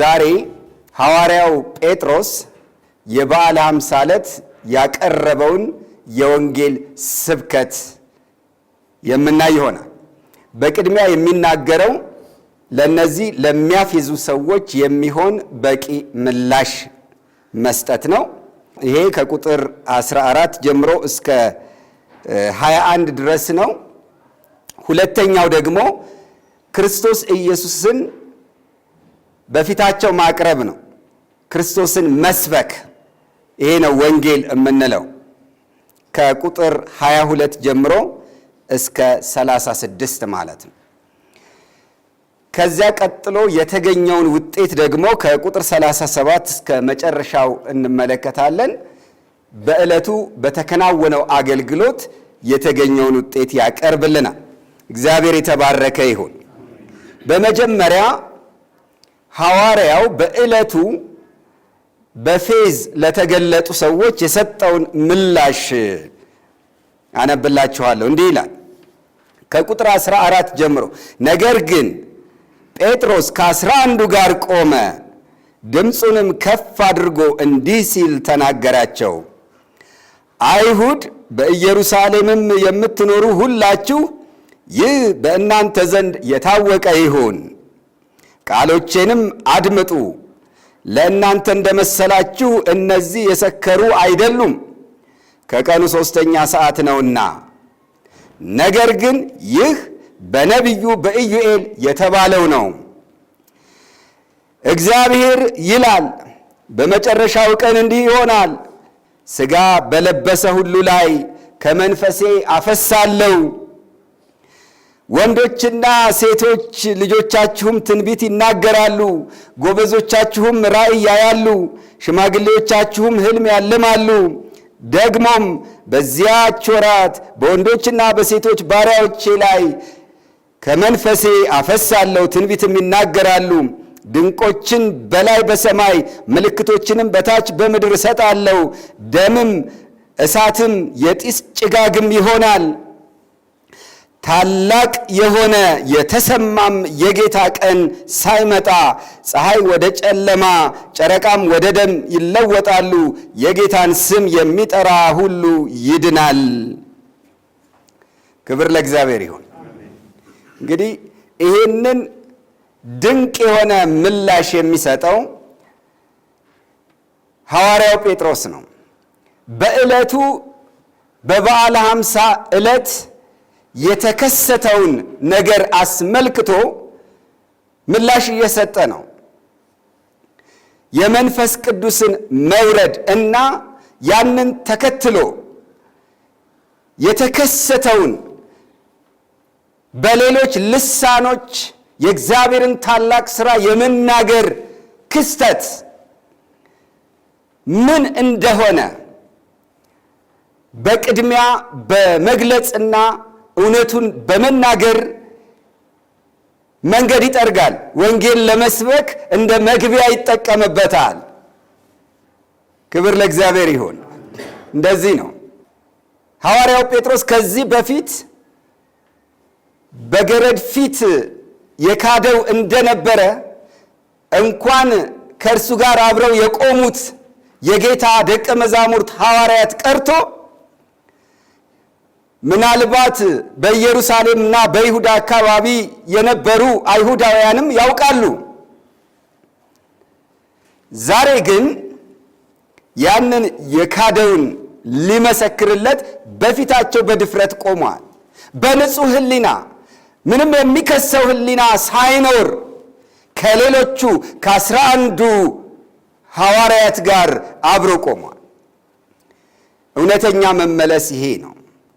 ዛሬ ሐዋርያው ጴጥሮስ የበዓለ ሃምሳ ዕለት ያቀረበውን የወንጌል ስብከት የምናይ ይሆናል። በቅድሚያ የሚናገረው ለእነዚህ ለሚያፌዙ ሰዎች የሚሆን በቂ ምላሽ መስጠት ነው። ይሄ ከቁጥር 14 ጀምሮ እስከ 21 ድረስ ነው። ሁለተኛው ደግሞ ክርስቶስ ኢየሱስን በፊታቸው ማቅረብ ነው። ክርስቶስን መስበክ ይሄ ነው ወንጌል የምንለው። ከቁጥር 22 ጀምሮ እስከ 36 ማለት ነው። ከዚያ ቀጥሎ የተገኘውን ውጤት ደግሞ ከቁጥር 37 እስከ መጨረሻው እንመለከታለን። በዕለቱ በተከናወነው አገልግሎት የተገኘውን ውጤት ያቀርብልናል። እግዚአብሔር የተባረከ ይሁን። በመጀመሪያ ሐዋርያው በዕለቱ በፌዝ ለተገለጡ ሰዎች የሰጠውን ምላሽ አነብላችኋለሁ። እንዲህ ይላል ከቁጥር 14 ጀምሮ። ነገር ግን ጴጥሮስ ከአስራ አንዱ ጋር ቆመ፣ ድምፁንም ከፍ አድርጎ እንዲህ ሲል ተናገራቸው። አይሁድ በኢየሩሳሌምም የምትኖሩ ሁላችሁ ይህ በእናንተ ዘንድ የታወቀ ይሁን ቃሎቼንም አድምጡ። ለእናንተ እንደመሰላችሁ እነዚህ የሰከሩ አይደሉም፣ ከቀኑ ሦስተኛ ሰዓት ነውና። ነገር ግን ይህ በነቢዩ በኢዩኤል የተባለው ነው። እግዚአብሔር ይላል በመጨረሻው ቀን እንዲህ ይሆናል፣ ሥጋ በለበሰ ሁሉ ላይ ከመንፈሴ አፈሳለሁ ወንዶችና ሴቶች ልጆቻችሁም ትንቢት ይናገራሉ፣ ጎበዞቻችሁም ራእይ ያያሉ፣ ሽማግሌዎቻችሁም ህልም ያልማሉ። ደግሞም በዚያች ወራት በወንዶችና በሴቶች ባሪያዎቼ ላይ ከመንፈሴ አፈሳለሁ፣ ትንቢትም ይናገራሉ። ድንቆችን በላይ በሰማይ ምልክቶችንም በታች በምድር እሰጣለሁ። ደምም እሳትም የጢስ ጭጋግም ይሆናል። ታላቅ የሆነ የተሰማም የጌታ ቀን ሳይመጣ ፀሐይ ወደ ጨለማ ጨረቃም ወደ ደም ይለወጣሉ፣ የጌታን ስም የሚጠራ ሁሉ ይድናል። ክብር ለእግዚአብሔር ይሁን። እንግዲህ ይሄንን ድንቅ የሆነ ምላሽ የሚሰጠው ሐዋርያው ጴጥሮስ ነው። በዕለቱ በበዓለ ሐምሳ ዕለት የተከሰተውን ነገር አስመልክቶ ምላሽ እየሰጠ ነው። የመንፈስ ቅዱስን መውረድ እና ያንን ተከትሎ የተከሰተውን በሌሎች ልሳኖች የእግዚአብሔርን ታላቅ ሥራ የመናገር ክስተት ምን እንደሆነ በቅድሚያ በመግለጽና እውነቱን በመናገር መንገድ ይጠርጋል። ወንጌል ለመስበክ እንደ መግቢያ ይጠቀምበታል። ክብር ለእግዚአብሔር ይሁን። እንደዚህ ነው ሐዋርያው ጴጥሮስ ከዚህ በፊት በገረድ ፊት የካደው እንደነበረ እንኳን ከእርሱ ጋር አብረው የቆሙት የጌታ ደቀ መዛሙርት ሐዋርያት ቀርቶ ምናልባት በኢየሩሳሌምና በይሁዳ አካባቢ የነበሩ አይሁዳውያንም ያውቃሉ። ዛሬ ግን ያንን የካደውን ሊመሰክርለት በፊታቸው በድፍረት ቆሟል። በንጹሕ ሕሊና ምንም የሚከሰው ሕሊና ሳይኖር ከሌሎቹ ከአስራ አንዱ ሐዋርያት ጋር አብሮ ቆሟል። እውነተኛ መመለስ ይሄ ነው።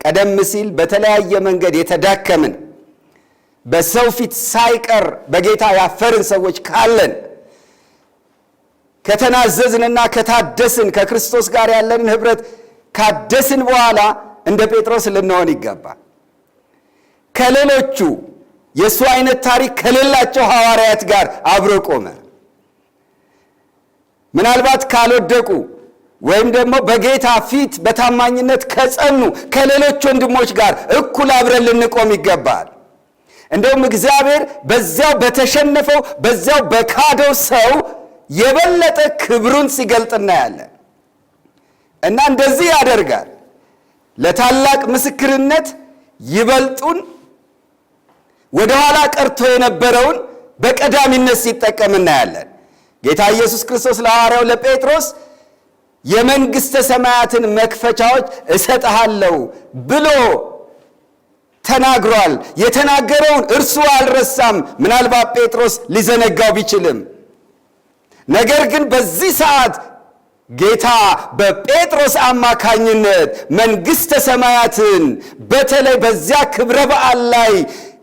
ቀደም ሲል በተለያየ መንገድ የተዳከምን በሰው ፊት ሳይቀር በጌታ ያፈርን ሰዎች ካለን ከተናዘዝንና ከታደስን ከክርስቶስ ጋር ያለንን ኅብረት ካደስን በኋላ እንደ ጴጥሮስ ልንሆን ይገባል። ከሌሎቹ የእሱ አይነት ታሪክ ከሌላቸው ሐዋርያት ጋር አብሮ ቆመ። ምናልባት ካልወደቁ ወይም ደግሞ በጌታ ፊት በታማኝነት ከጸኑ ከሌሎች ወንድሞች ጋር እኩል አብረን ልንቆም ይገባል። እንደውም እግዚአብሔር በዚያው በተሸነፈው በዚያው በካደው ሰው የበለጠ ክብሩን ሲገልጥ እናያለን። እና እንደዚህ ያደርጋል። ለታላቅ ምስክርነት ይበልጡን ወደኋላ ቀርቶ የነበረውን በቀዳሚነት ሲጠቀም እናያለን። ጌታ ኢየሱስ ክርስቶስ ለሐዋርያው ለጴጥሮስ የመንግሥተ ሰማያትን መክፈቻዎች እሰጥሃለሁ ብሎ ተናግሯል። የተናገረውን እርሱ አልረሳም። ምናልባት ጴጥሮስ ሊዘነጋው ቢችልም፣ ነገር ግን በዚህ ሰዓት ጌታ በጴጥሮስ አማካኝነት መንግሥተ ሰማያትን በተለይ በዚያ ክብረ በዓል ላይ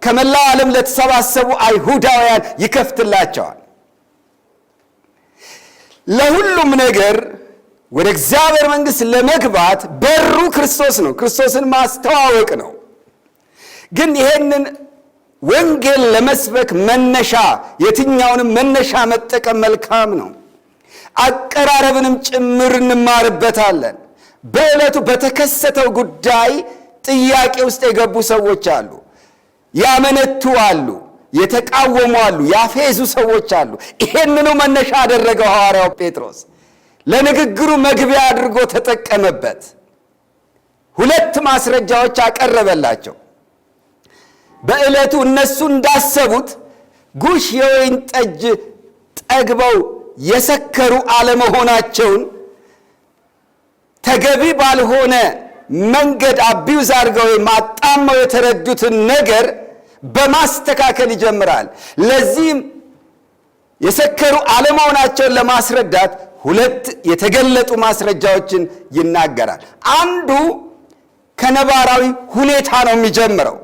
ከመላው ዓለም ለተሰባሰቡ አይሁዳውያን ይከፍትላቸዋል። ለሁሉም ነገር ወደ እግዚአብሔር መንግስት ለመግባት በሩ ክርስቶስ ነው። ክርስቶስን ማስተዋወቅ ነው። ግን ይሄንን ወንጌል ለመስበክ መነሻ የትኛውንም መነሻ መጠቀም መልካም ነው። አቀራረብንም ጭምር እንማርበታለን። በዕለቱ በተከሰተው ጉዳይ ጥያቄ ውስጥ የገቡ ሰዎች አሉ፣ ያመነቱ አሉ፣ የተቃወሙ አሉ፣ ያፌዙ ሰዎች አሉ። ይሄንኑ መነሻ አደረገው ሐዋርያው ጴጥሮስ። ለንግግሩ መግቢያ አድርጎ ተጠቀመበት። ሁለት ማስረጃዎች አቀረበላቸው። በዕለቱ እነሱ እንዳሰቡት ጉሽ የወይን ጠጅ ጠግበው የሰከሩ አለመሆናቸውን ተገቢ ባልሆነ መንገድ አቢውዝ አድርገው ማጣመው የተረዱትን ነገር በማስተካከል ይጀምራል። ለዚህም የሰከሩ አለመሆናቸውን ለማስረዳት ሁለት የተገለጡ ማስረጃዎችን ይናገራል። አንዱ ከነባራዊ ሁኔታ ነው የሚጀምረው።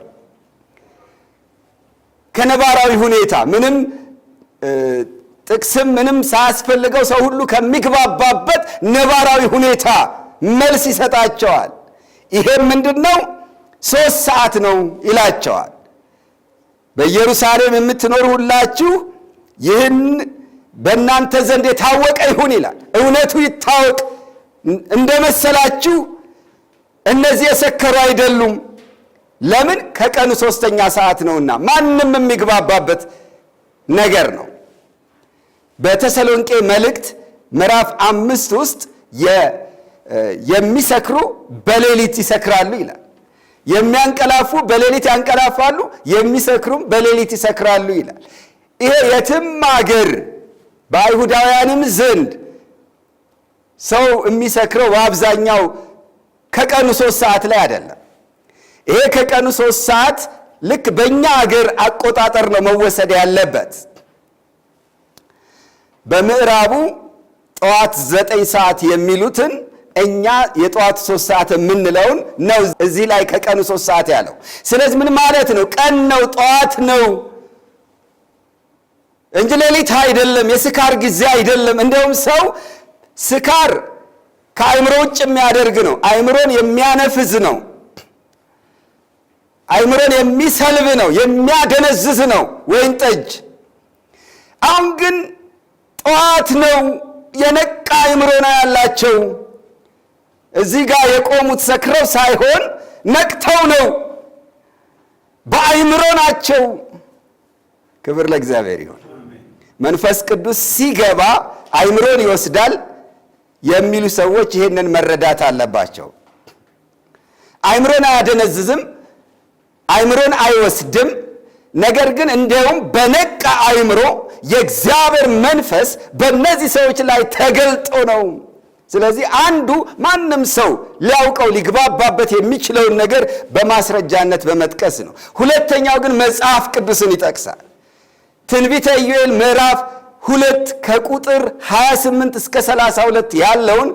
ከነባራዊ ሁኔታ ምንም ጥቅስም ምንም ሳያስፈልገው ሰው ሁሉ ከሚግባባበት ነባራዊ ሁኔታ መልስ ይሰጣቸዋል። ይሄም ምንድን ነው? ሦስት ሰዓት ነው ይላቸዋል። በኢየሩሳሌም የምትኖሩ ሁላችሁ ይህን በእናንተ ዘንድ የታወቀ ይሁን ይላል። እውነቱ ይታወቅ እንደመሰላችሁ እነዚህ የሰከሩ አይደሉም። ለምን? ከቀኑ ሦስተኛ ሰዓት ነውና ማንም የሚግባባበት ነገር ነው። በተሰሎንቄ መልእክት ምዕራፍ አምስት ውስጥ የሚሰክሩ በሌሊት ይሰክራሉ ይላል። የሚያንቀላፉ በሌሊት ያንቀላፋሉ፣ የሚሰክሩም በሌሊት ይሰክራሉ ይላል። ይሄ የትም አገር በአይሁዳውያንም ዘንድ ሰው የሚሰክረው በአብዛኛው ከቀኑ ሶስት ሰዓት ላይ አይደለም። ይሄ ከቀኑ ሶስት ሰዓት ልክ በእኛ አገር አቆጣጠር ነው መወሰድ ያለበት። በምዕራቡ ጠዋት ዘጠኝ ሰዓት የሚሉትን እኛ የጠዋት ሶስት ሰዓት የምንለውን ነው እዚህ ላይ ከቀኑ ሶስት ሰዓት ያለው። ስለዚህ ምን ማለት ነው? ቀን ነው፣ ጠዋት ነው እንጂ ሌሊት አይደለም፣ የስካር ጊዜ አይደለም። እንደውም ሰው ስካር ከአእምሮ ውጭ የሚያደርግ ነው። አይምሮን የሚያነፍዝ ነው። አእምሮን የሚሰልብ ነው፣ የሚያደነዝዝ ነው ወይን ጠጅ። አሁን ግን ጠዋት ነው፣ የነቃ አእምሮ ነው ያላቸው። እዚህ ጋር የቆሙት ሰክረው ሳይሆን ነቅተው ነው፣ በአእምሮ ናቸው። ክብር ለእግዚአብሔር ይሁን። መንፈስ ቅዱስ ሲገባ አይምሮን ይወስዳል የሚሉ ሰዎች ይህንን መረዳት አለባቸው። አይምሮን አያደነዝዝም፣ አይምሮን አይወስድም። ነገር ግን እንደውም በነቃ አይምሮ የእግዚአብሔር መንፈስ በእነዚህ ሰዎች ላይ ተገልጦ ነው። ስለዚህ አንዱ ማንም ሰው ሊያውቀው ሊግባባበት የሚችለውን ነገር በማስረጃነት በመጥቀስ ነው። ሁለተኛው ግን መጽሐፍ ቅዱስን ይጠቅሳል። ትንቢተ ኢዩኤል ምዕራፍ ሁለት ከቁጥር 28 እስከ 32 ያለውን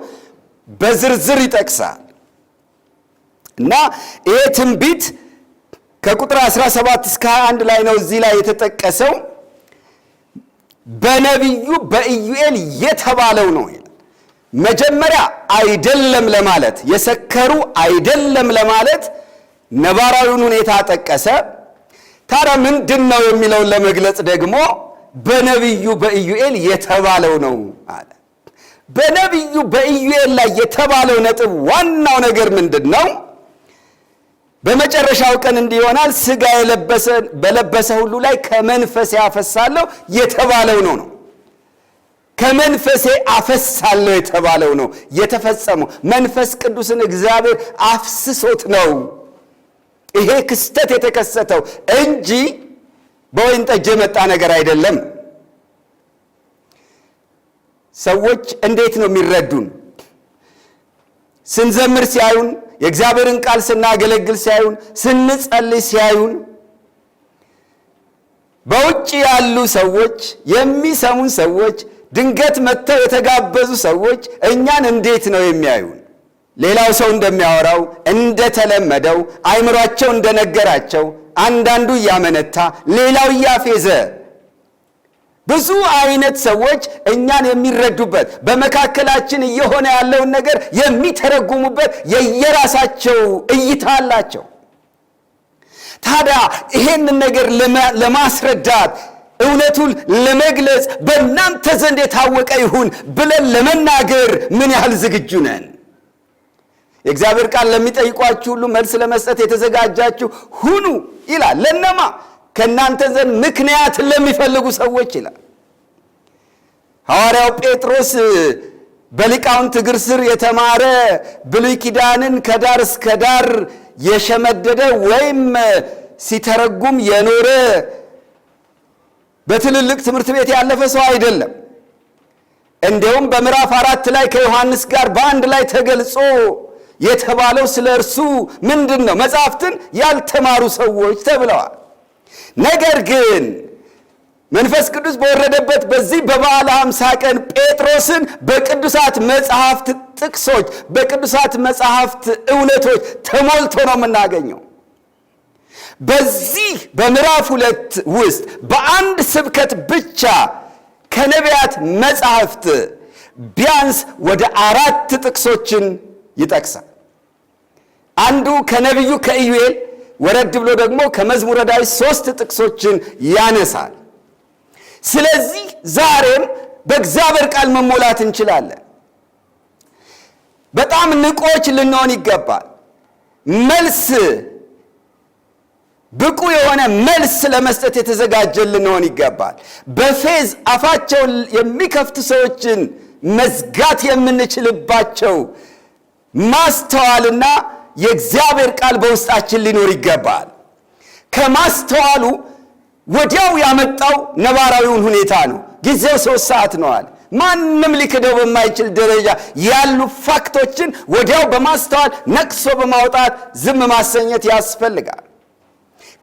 በዝርዝር ይጠቅሳል እና ይሄ ትንቢት ከቁጥር 17 እስከ 21 ላይ ነው እዚህ ላይ የተጠቀሰው በነቢዩ በኢዩኤል የተባለው ነው ይላል። መጀመሪያ አይደለም ለማለት የሰከሩ አይደለም ለማለት ነባራዊውን ሁኔታ ጠቀሰ። ታዲያ ምንድን ነው የሚለውን ለመግለጽ ደግሞ በነቢዩ በኢዩኤል የተባለው ነው አለ። በነቢዩ በኢዩኤል ላይ የተባለው ነጥብ ዋናው ነገር ምንድን ነው? በመጨረሻው ቀን እንዲህ ይሆናል፣ ሥጋ በለበሰ ሁሉ ላይ ከመንፈሴ አፈሳለሁ የተባለው ነው ነው ከመንፈሴ አፈሳለሁ የተባለው ነው የተፈጸመው። መንፈስ ቅዱስን እግዚአብሔር አፍስሶት ነው ይሄ ክስተት የተከሰተው እንጂ በወይን ጠጅ የመጣ ነገር አይደለም። ሰዎች እንዴት ነው የሚረዱን? ስንዘምር ሲያዩን፣ የእግዚአብሔርን ቃል ስናገለግል ሲያዩን፣ ስንጸልይ ሲያዩን በውጭ ያሉ ሰዎች የሚሰሙን ሰዎች ድንገት መጥተው የተጋበዙ ሰዎች እኛን እንዴት ነው የሚያዩን? ሌላው ሰው እንደሚያወራው እንደተለመደው አይምሯቸው እንደነገራቸው አንዳንዱ እያመነታ ሌላው እያፌዘ ብዙ አይነት ሰዎች እኛን የሚረዱበት በመካከላችን እየሆነ ያለውን ነገር የሚተረጉሙበት የየራሳቸው እይታ አላቸው። ታዲያ ይሄንን ነገር ለማስረዳት እውነቱን ለመግለጽ በእናንተ ዘንድ የታወቀ ይሁን ብለን ለመናገር ምን ያህል ዝግጁ ነን? የእግዚአብሔር ቃል ለሚጠይቋችሁ ሁሉ መልስ ለመስጠት የተዘጋጃችሁ ሁኑ ይላል። ለነማ ከእናንተ ዘንድ ምክንያትን ለሚፈልጉ ሰዎች ይላል። ሐዋርያው ጴጥሮስ በሊቃውንት እግር ስር የተማረ ብሉይ ኪዳንን ከዳር እስከ ዳር የሸመደደ ወይም ሲተረጉም የኖረ በትልልቅ ትምህርት ቤት ያለፈ ሰው አይደለም። እንዲሁም በምዕራፍ አራት ላይ ከዮሐንስ ጋር በአንድ ላይ ተገልጾ የተባለው ስለ እርሱ ምንድን ነው? መጽሐፍትን ያልተማሩ ሰዎች ተብለዋል። ነገር ግን መንፈስ ቅዱስ በወረደበት በዚህ በበዓለ አምሳ ቀን ጴጥሮስን በቅዱሳት መጽሐፍት ጥቅሶች፣ በቅዱሳት መጽሐፍት እውነቶች ተሞልቶ ነው የምናገኘው። በዚህ በምዕራፍ ሁለት ውስጥ በአንድ ስብከት ብቻ ከነቢያት መጽሐፍት ቢያንስ ወደ አራት ጥቅሶችን ይጠቅሳል። አንዱ ከነቢዩ ከኢዩኤል ወረድ ብሎ ደግሞ ከመዝሙረ ዳዊት ሶስት ጥቅሶችን ያነሳል። ስለዚህ ዛሬም በእግዚአብሔር ቃል መሞላት እንችላለን። በጣም ንቆች ልንሆን ይገባል። መልስ ብቁ የሆነ መልስ ለመስጠት የተዘጋጀን ልንሆን ይገባል። በፌዝ አፋቸውን የሚከፍቱ ሰዎችን መዝጋት የምንችልባቸው ማስተዋልና የእግዚአብሔር ቃል በውስጣችን ሊኖር ይገባል። ከማስተዋሉ ወዲያው ያመጣው ነባራዊውን ሁኔታ ነው። ጊዜው ሶስት ሰዓት ነዋል። ማንም ሊክደው በማይችል ደረጃ ያሉ ፋክቶችን ወዲያው በማስተዋል ነቅሶ በማውጣት ዝም ማሰኘት ያስፈልጋል።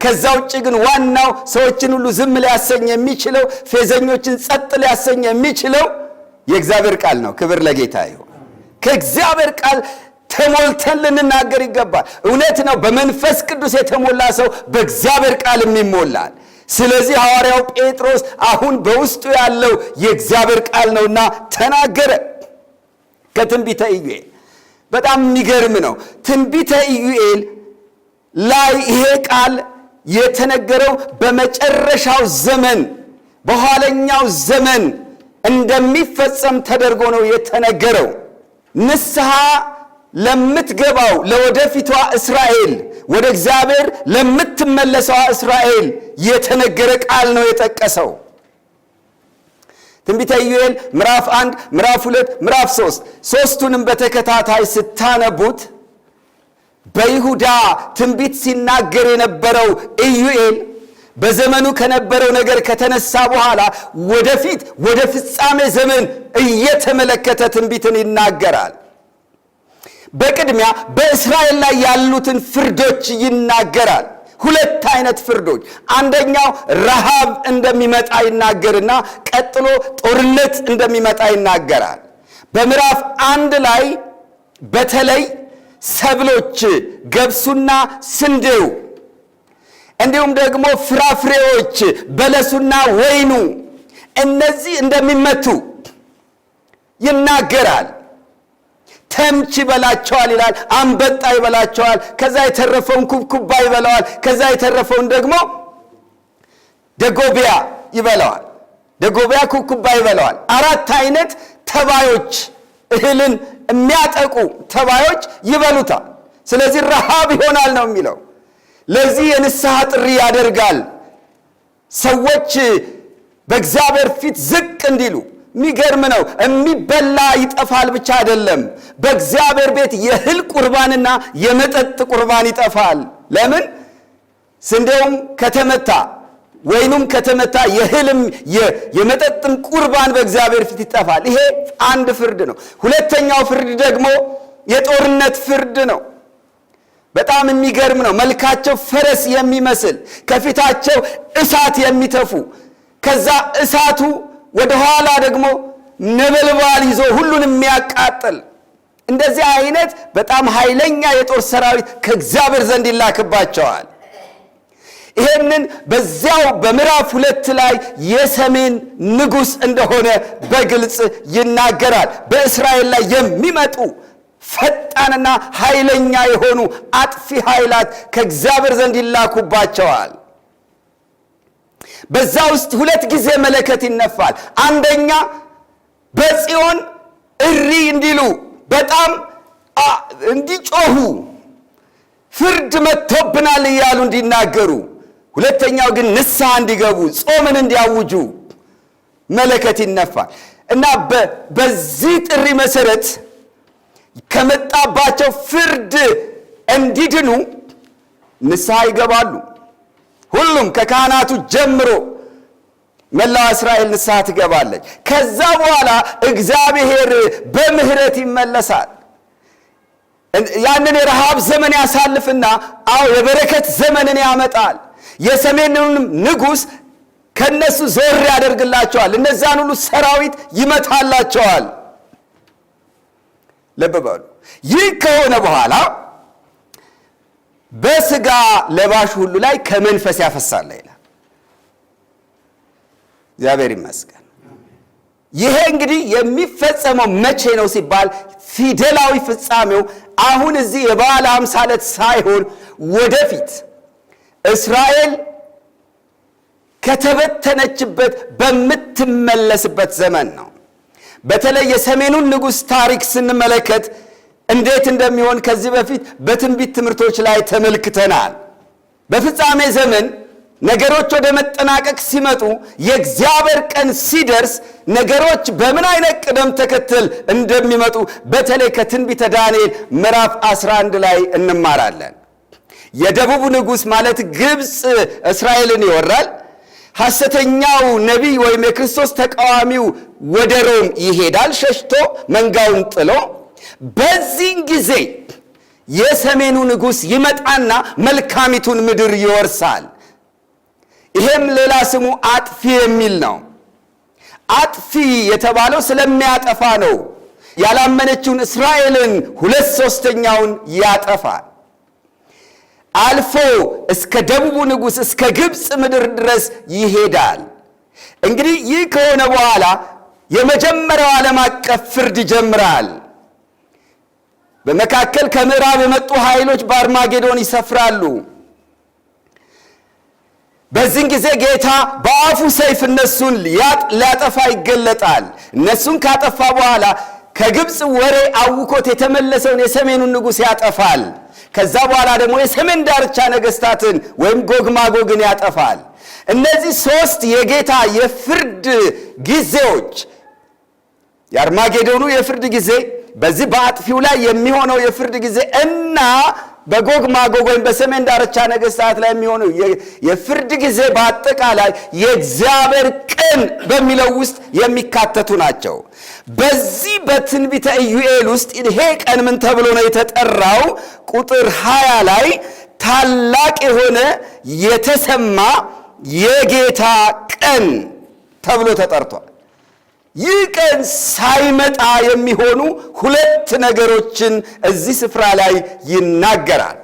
ከዛ ውጭ ግን ዋናው ሰዎችን ሁሉ ዝም ሊያሰኝ የሚችለው ፌዘኞችን ጸጥ ሊያሰኝ የሚችለው የእግዚአብሔር ቃል ነው። ክብር ለጌታ ይሁን። ከእግዚአብሔር ቃል ተሞልተን ልንናገር ይገባል። እውነት ነው። በመንፈስ ቅዱስ የተሞላ ሰው በእግዚአብሔር ቃልም ይሞላል። ስለዚህ ሐዋርያው ጴጥሮስ አሁን በውስጡ ያለው የእግዚአብሔር ቃል ነውና ተናገረ። ከትንቢተ ኢዩኤል በጣም የሚገርም ነው። ትንቢተ ኢዩኤል ላይ ይሄ ቃል የተነገረው በመጨረሻው ዘመን በኋለኛው ዘመን እንደሚፈጸም ተደርጎ ነው የተነገረው። ንስሐ ለምትገባው ለወደፊቷ እስራኤል ወደ እግዚአብሔር ለምትመለሰዋ እስራኤል የተነገረ ቃል ነው የጠቀሰው። ትንቢተ ኢዩኤል ምዕራፍ አንድ ምዕራፍ ሁለት ምዕራፍ ሶስት ሶስቱንም በተከታታይ ስታነቡት በይሁዳ ትንቢት ሲናገር የነበረው ኢዩኤል በዘመኑ ከነበረው ነገር ከተነሳ በኋላ ወደፊት ወደ ፍጻሜ ዘመን እየተመለከተ ትንቢትን ይናገራል። በቅድሚያ በእስራኤል ላይ ያሉትን ፍርዶች ይናገራል። ሁለት አይነት ፍርዶች። አንደኛው ረሃብ እንደሚመጣ ይናገርና ቀጥሎ ጦርነት እንደሚመጣ ይናገራል። በምዕራፍ አንድ ላይ በተለይ ሰብሎች ገብሱና ስንዴው እንዲሁም ደግሞ ፍራፍሬዎች በለሱና ወይኑ እነዚህ እንደሚመቱ ይናገራል። ተምች ይበላቸዋል ይላል። አንበጣ ይበላቸዋል። ከዛ የተረፈውን ኩብኩባ ይበላዋል። ከዛ የተረፈውን ደግሞ ደጎቢያ ይበላዋል። ደጎቢያ ኩብኩባ ይበላዋል። አራት አይነት ተባዮች እህልን የሚያጠቁ ተባዮች ይበሉታል። ስለዚህ ረሃብ ይሆናል ነው የሚለው። ለዚህ የንስሐ ጥሪ ያደርጋል። ሰዎች በእግዚአብሔር ፊት ዝቅ እንዲሉ የሚገርም ነው። የሚበላ ይጠፋል ብቻ አይደለም፣ በእግዚአብሔር ቤት የእህል ቁርባንና የመጠጥ ቁርባን ይጠፋል። ለምን? ስንዴውም ከተመታ ወይኑም ከተመታ የእህልም የመጠጥም ቁርባን በእግዚአብሔር ፊት ይጠፋል። ይሄ አንድ ፍርድ ነው። ሁለተኛው ፍርድ ደግሞ የጦርነት ፍርድ ነው። በጣም የሚገርም ነው። መልካቸው ፈረስ የሚመስል ከፊታቸው እሳት የሚተፉ ከዛ እሳቱ ወደ ኋላ ደግሞ ነበልባል ይዞ ሁሉን የሚያቃጥል እንደዚህ አይነት በጣም ኃይለኛ የጦር ሰራዊት ከእግዚአብሔር ዘንድ ይላክባቸዋል። ይሄንን በዚያው በምዕራፍ ሁለት ላይ የሰሜን ንጉሥ እንደሆነ በግልጽ ይናገራል። በእስራኤል ላይ የሚመጡ ፈጣንና ኃይለኛ የሆኑ አጥፊ ኃይላት ከእግዚአብሔር ዘንድ ይላኩባቸዋል። በዛ ውስጥ ሁለት ጊዜ መለከት ይነፋል። አንደኛ በጽዮን እሪ እንዲሉ በጣም እንዲጮሁ ፍርድ መጥቶብናል እያሉ እንዲናገሩ፣ ሁለተኛው ግን ንስሐ እንዲገቡ ጾምን እንዲያውጁ መለከት ይነፋል እና በዚህ ጥሪ መሰረት ከመጣባቸው ፍርድ እንዲድኑ ንስሐ ይገባሉ። ሁሉም ከካህናቱ ጀምሮ መላው እስራኤል ንስሐ ትገባለች። ከዛ በኋላ እግዚአብሔር በምህረት ይመለሳል። ያንን የረሃብ ዘመን ያሳልፍና አዎ የበረከት ዘመንን ያመጣል። የሰሜኑን ንጉሥ ከነሱ ዞር ያደርግላቸዋል። እነዛን ሁሉ ሰራዊት ይመታላቸዋል። ልብ በሉ። ይህ ከሆነ በኋላ በስጋ ለባሽ ሁሉ ላይ ከመንፈስ ያፈሳል ይላል። እግዚአብሔር ይመስገን። ይሄ እንግዲህ የሚፈጸመው መቼ ነው ሲባል ፊደላዊ ፍጻሜው አሁን እዚህ የበዓለ ሃምሳ ዕለት ሳይሆን ወደፊት እስራኤል ከተበተነችበት በምትመለስበት ዘመን ነው። በተለይ የሰሜኑን ንጉሥ ታሪክ ስንመለከት እንዴት እንደሚሆን ከዚህ በፊት በትንቢት ትምህርቶች ላይ ተመልክተናል። በፍጻሜ ዘመን ነገሮች ወደ መጠናቀቅ ሲመጡ የእግዚአብሔር ቀን ሲደርስ ነገሮች በምን አይነት ቅደም ተከተል እንደሚመጡ በተለይ ከትንቢተ ዳንኤል ምዕራፍ 11 ላይ እንማራለን። የደቡብ ንጉሥ ማለት ግብፅ እስራኤልን ይወራል። ሐሰተኛው ነቢይ ወይም የክርስቶስ ተቃዋሚው ወደ ሮም ይሄዳል፣ ሸሽቶ መንጋውን ጥሎ። በዚህን ጊዜ የሰሜኑ ንጉሥ ይመጣና መልካሚቱን ምድር ይወርሳል። ይሄም ሌላ ስሙ አጥፊ የሚል ነው። አጥፊ የተባለው ስለሚያጠፋ ነው። ያላመነችውን እስራኤልን ሁለት ሦስተኛውን ያጠፋል። አልፎ እስከ ደቡቡ ንጉሥ እስከ ግብፅ ምድር ድረስ ይሄዳል። እንግዲህ ይህ ከሆነ በኋላ የመጀመሪያው ዓለም አቀፍ ፍርድ ይጀምራል። በመካከል ከምዕራብ የመጡ ኃይሎች በአርማጌዶን ይሰፍራሉ። በዚህን ጊዜ ጌታ በአፉ ሰይፍ እነሱን ሊያጠፋ ይገለጣል። እነሱን ካጠፋ በኋላ ከግብፅ ወሬ አውኮት የተመለሰውን የሰሜኑን ንጉሥ ያጠፋል። ከዛ በኋላ ደግሞ የሰሜን ዳርቻ ነገስታትን ወይም ጎግ ማጎግን ያጠፋል። እነዚህ ሶስት የጌታ የፍርድ ጊዜዎች የአርማጌዶኑ የፍርድ ጊዜ፣ በዚህ በአጥፊው ላይ የሚሆነው የፍርድ ጊዜ እና በጎግ ማጎግ ወይም በሰሜን ዳርቻ ነገስታት ላይ የሚሆኑ የፍርድ ጊዜ በአጠቃላይ የእግዚአብሔር ቀን በሚለው ውስጥ የሚካተቱ ናቸው። በዚህ በትንቢተ ኢዩኤል ውስጥ ይሄ ቀን ምን ተብሎ ነው የተጠራው? ቁጥር 20 ላይ ታላቅ የሆነ የተሰማ የጌታ ቀን ተብሎ ተጠርቷል። ይህ ቀን ሳይመጣ የሚሆኑ ሁለት ነገሮችን እዚህ ስፍራ ላይ ይናገራል።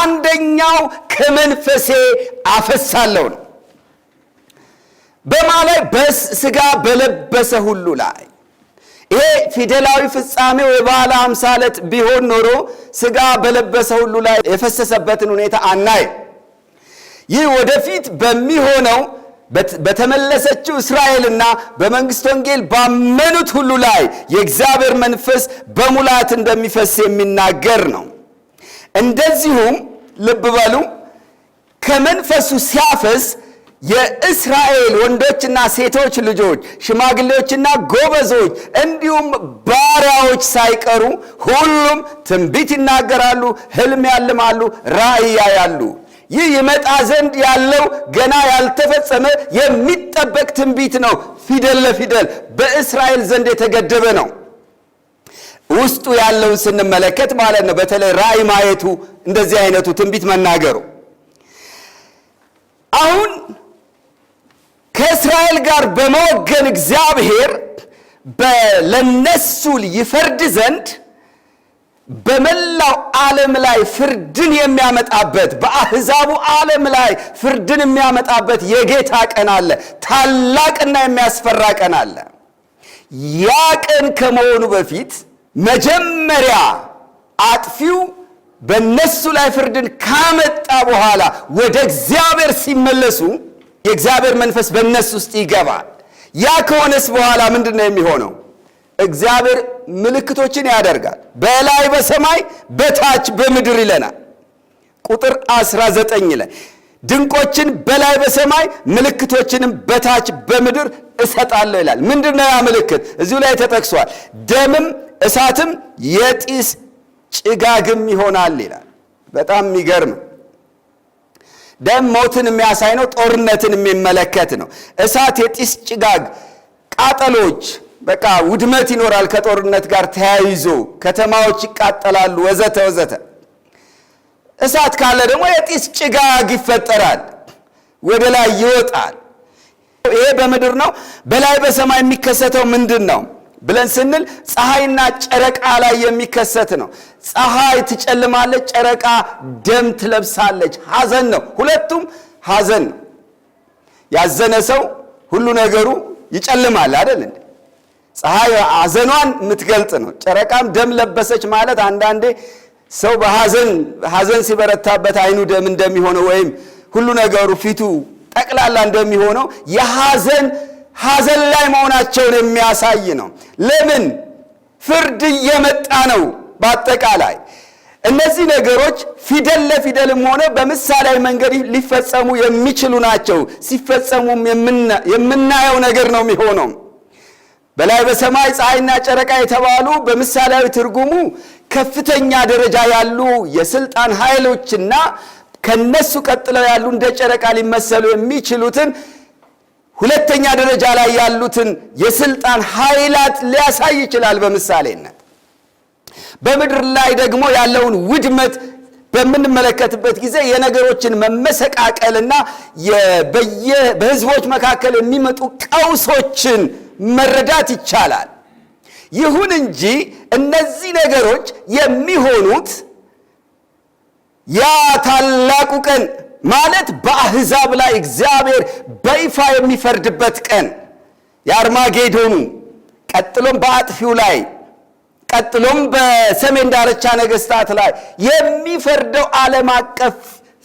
አንደኛው ከመንፈሴ አፈሳለሁ ነው። ላይ በስጋ በለበሰ ሁሉ ላይ ይሄ ፊደላዊ ፍጻሜው የባለ አምሳለት ቢሆን ኖሮ ስጋ በለበሰ ሁሉ ላይ የፈሰሰበትን ሁኔታ አናይ። ይህ ወደፊት በሚሆነው በተመለሰችው እስራኤልና በመንግሥት ወንጌል ባመኑት ሁሉ ላይ የእግዚአብሔር መንፈስ በሙላት እንደሚፈስ የሚናገር ነው። እንደዚሁም ልብ በሉ ከመንፈሱ ሲያፈስ የእስራኤል ወንዶችና ሴቶች ልጆች፣ ሽማግሌዎችና ጎበዞች እንዲሁም ባሪያዎች ሳይቀሩ ሁሉም ትንቢት ይናገራሉ፣ ሕልም ያልማሉ፣ ራእይ ያያሉ። ይህ ይመጣ ዘንድ ያለው ገና ያልተፈጸመ የሚጠበቅ ትንቢት ነው። ፊደል ለፊደል በእስራኤል ዘንድ የተገደበ ነው። ውስጡ ያለውን ስንመለከት ማለት ነው። በተለይ ራእይ ማየቱ፣ እንደዚህ አይነቱ ትንቢት መናገሩ አሁን ከእስራኤል ጋር በመወገን እግዚአብሔር ለነሱ ይፈርድ ዘንድ በመላው ዓለም ላይ ፍርድን የሚያመጣበት በአሕዛቡ ዓለም ላይ ፍርድን የሚያመጣበት የጌታ ቀን አለ። ታላቅና የሚያስፈራ ቀን አለ። ያ ቀን ከመሆኑ በፊት መጀመሪያ አጥፊው በእነሱ ላይ ፍርድን ካመጣ በኋላ ወደ እግዚአብሔር ሲመለሱ የእግዚአብሔር መንፈስ በእነሱ ውስጥ ይገባል። ያ ከሆነስ በኋላ ምንድን ነው የሚሆነው? እግዚአብሔር ምልክቶችን ያደርጋል። በላይ በሰማይ በታች በምድር ይለናል። ቁጥር 19 ላይ ድንቆችን በላይ በሰማይ ምልክቶችንም በታች በምድር እሰጣለሁ ይላል። ምንድን ነው ያ ምልክት? እዚሁ ላይ ተጠቅሷል። ደምም እሳትም የጢስ ጭጋግም ይሆናል ይላል። በጣም የሚገርም ደም ሞትን የሚያሳይ ነው። ጦርነትን የሚመለከት ነው። እሳት የጢስ ጭጋግ ቃጠሎች በቃ ውድመት ይኖራል። ከጦርነት ጋር ተያይዞ ከተማዎች ይቃጠላሉ፣ ወዘተ ወዘተ። እሳት ካለ ደግሞ የጢስ ጭጋግ ይፈጠራል፣ ወደ ላይ ይወጣል። ይሄ በምድር ነው። በላይ በሰማይ የሚከሰተው ምንድን ነው ብለን ስንል ፀሐይና ጨረቃ ላይ የሚከሰት ነው። ፀሐይ ትጨልማለች፣ ጨረቃ ደም ትለብሳለች። ሐዘን ነው። ሁለቱም ሐዘን ነው። ያዘነ ሰው ሁሉ ነገሩ ይጨልማል አይደል? ፀሐይ ሐዘኗን የምትገልጥ ነው። ጨረቃም ደም ለበሰች ማለት አንዳንዴ ሰው በሐዘን ሐዘን ሲበረታበት አይኑ ደም እንደሚሆነው ወይም ሁሉ ነገሩ ፊቱ ጠቅላላ እንደሚሆነው የሐዘን ሐዘን ላይ መሆናቸውን የሚያሳይ ነው። ለምን ፍርድ እየመጣ ነው። በአጠቃላይ እነዚህ ነገሮች ፊደል ለፊደልም ሆነ በምሳሌያዊ መንገድ ሊፈጸሙ የሚችሉ ናቸው። ሲፈጸሙም የምናየው ነገር ነው የሚሆነው። በላይ በሰማይ ፀሐይና ጨረቃ የተባሉ በምሳሌያዊ ትርጉሙ ከፍተኛ ደረጃ ያሉ የስልጣን ኃይሎችና ከነሱ ቀጥለው ያሉ እንደ ጨረቃ ሊመሰሉ የሚችሉትን ሁለተኛ ደረጃ ላይ ያሉትን የስልጣን ኃይላት ሊያሳይ ይችላል በምሳሌነት። በምድር ላይ ደግሞ ያለውን ውድመት በምንመለከትበት ጊዜ የነገሮችን መመሰቃቀልና በህዝቦች መካከል የሚመጡ ቀውሶችን መረዳት ይቻላል። ይሁን እንጂ እነዚህ ነገሮች የሚሆኑት ያ ታላቁ ቀን ማለት በአሕዛብ ላይ እግዚአብሔር በይፋ የሚፈርድበት ቀን የአርማጌዶኑ፣ ቀጥሎም በአጥፊው ላይ፣ ቀጥሎም በሰሜን ዳርቻ ነገሥታት ላይ የሚፈርደው ዓለም አቀፍ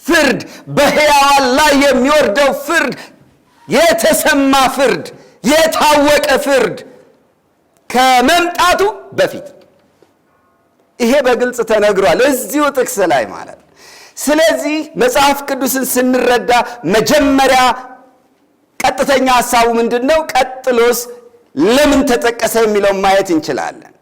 ፍርድ፣ በሕያዋን ላይ የሚወርደው ፍርድ፣ የተሰማ ፍርድ የታወቀ ፍርድ ከመምጣቱ በፊት ይሄ በግልጽ ተነግሯል፣ እዚሁ ጥቅስ ላይ ማለት ነው። ስለዚህ መጽሐፍ ቅዱስን ስንረዳ መጀመሪያ ቀጥተኛ ሀሳቡ ምንድን ነው? ቀጥሎስ ለምን ተጠቀሰ የሚለውን ማየት እንችላለን።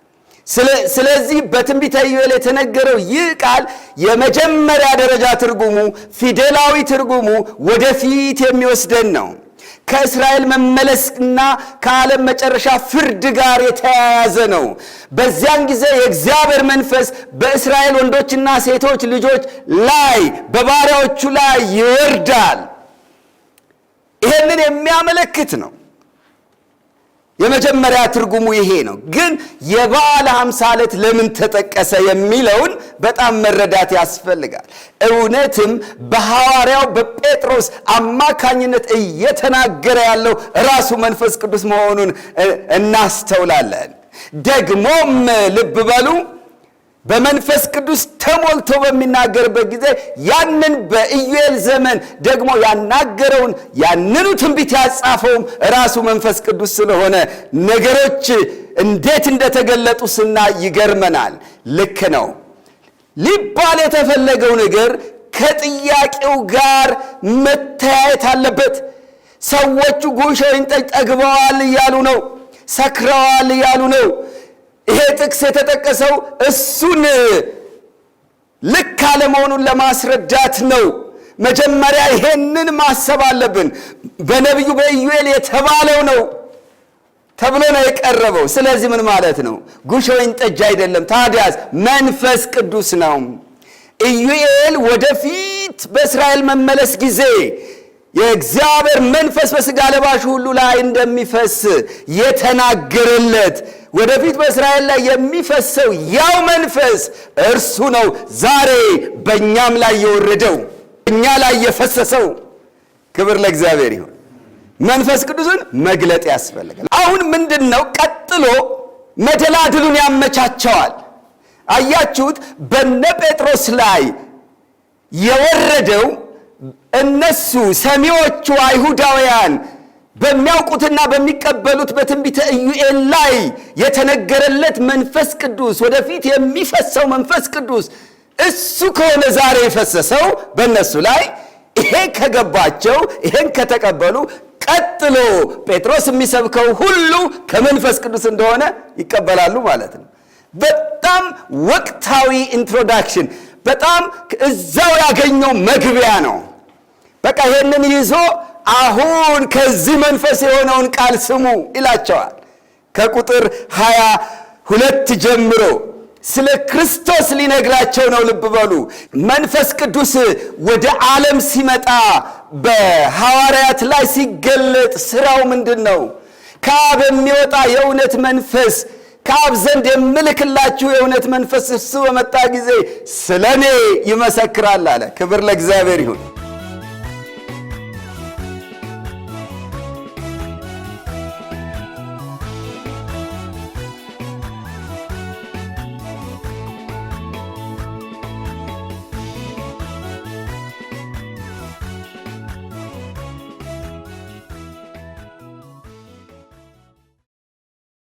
ስለዚህ በትንቢተ ኢዩኤል የተነገረው ይህ ቃል የመጀመሪያ ደረጃ ትርጉሙ ፊደላዊ ትርጉሙ ወደፊት የሚወስደን ነው። ከእስራኤል መመለስና ከዓለም መጨረሻ ፍርድ ጋር የተያያዘ ነው። በዚያን ጊዜ የእግዚአብሔር መንፈስ በእስራኤል ወንዶችና ሴቶች ልጆች ላይ በባሪያዎቹ ላይ ይወርዳል። ይህንን የሚያመለክት ነው። የመጀመሪያ ትርጉሙ ይሄ ነው። ግን የበዓለ ሃምሳ ዕለት ለምን ተጠቀሰ የሚለውን በጣም መረዳት ያስፈልጋል። እውነትም በሐዋርያው በጴጥሮስ አማካኝነት እየተናገረ ያለው ራሱ መንፈስ ቅዱስ መሆኑን እናስተውላለን። ደግሞም ልብ በሉ በመንፈስ ቅዱስ ተሞልቶ በሚናገርበት ጊዜ ያንን በኢዩኤል ዘመን ደግሞ ያናገረውን ያንኑ ትንቢት ያጻፈውም ራሱ መንፈስ ቅዱስ ስለሆነ ነገሮች እንዴት እንደተገለጡ ስና ይገርመናል። ልክ ነው ሊባል የተፈለገው ነገር ከጥያቄው ጋር መተያየት አለበት። ሰዎቹ ጉሽ ወይን ጠጅ ጠግበዋል እያሉ ነው። ሰክረዋል እያሉ ነው። ይሄ ጥቅስ የተጠቀሰው እሱን ልክ አለመሆኑን ለማስረዳት ነው። መጀመሪያ ይሄንን ማሰብ አለብን። በነቢዩ በኢዩኤል የተባለው ነው ተብሎ ነው የቀረበው። ስለዚህ ምን ማለት ነው? ጉሽ ወይን ጠጅ አይደለም። ታዲያስ መንፈስ ቅዱስ ነው። ኢዩኤል ወደፊት በእስራኤል መመለስ ጊዜ የእግዚአብሔር መንፈስ በሥጋ ለባሽ ሁሉ ላይ እንደሚፈስ የተናገረለት ወደፊት በእስራኤል ላይ የሚፈሰው ያው መንፈስ እርሱ ነው ዛሬ በእኛም ላይ የወረደው እኛ ላይ የፈሰሰው። ክብር ለእግዚአብሔር ይሁን። መንፈስ ቅዱስን መግለጥ ያስፈልጋል። አሁን ምንድን ነው ቀጥሎ መደላድሉን ያመቻቸዋል። አያችሁት? በነ ጴጥሮስ ላይ የወረደው እነሱ ሰሚዎቹ አይሁዳውያን በሚያውቁትና በሚቀበሉት በትንቢተ ኢዩኤል ላይ የተነገረለት መንፈስ ቅዱስ ወደፊት የሚፈሰው መንፈስ ቅዱስ እሱ ከሆነ ዛሬ የፈሰሰው በእነሱ ላይ ይሄ ከገባቸው ይሄን ከተቀበሉ ቀጥሎ ጴጥሮስ የሚሰብከው ሁሉ ከመንፈስ ቅዱስ እንደሆነ ይቀበላሉ ማለት ነው። በጣም ወቅታዊ ኢንትሮዳክሽን፣ በጣም እዛው ያገኘው መግቢያ ነው። በቃ ይሄንን ይዞ አሁን ከዚህ መንፈስ የሆነውን ቃል ስሙ ይላቸዋል። ከቁጥር 2 ሁለት ጀምሮ ስለ ክርስቶስ ሊነግራቸው ነው። ልብ በሉ። መንፈስ ቅዱስ ወደ ዓለም ሲመጣ በሐዋርያት ላይ ሲገለጥ ስራው ምንድን ነው? ከአብ የሚወጣ የእውነት መንፈስ ከአብ ዘንድ የምልክላችሁ የእውነት መንፈስ እሱ በመጣ ጊዜ ስለ እኔ ይመሰክራል አለ። ክብር ለእግዚአብሔር ይሁን።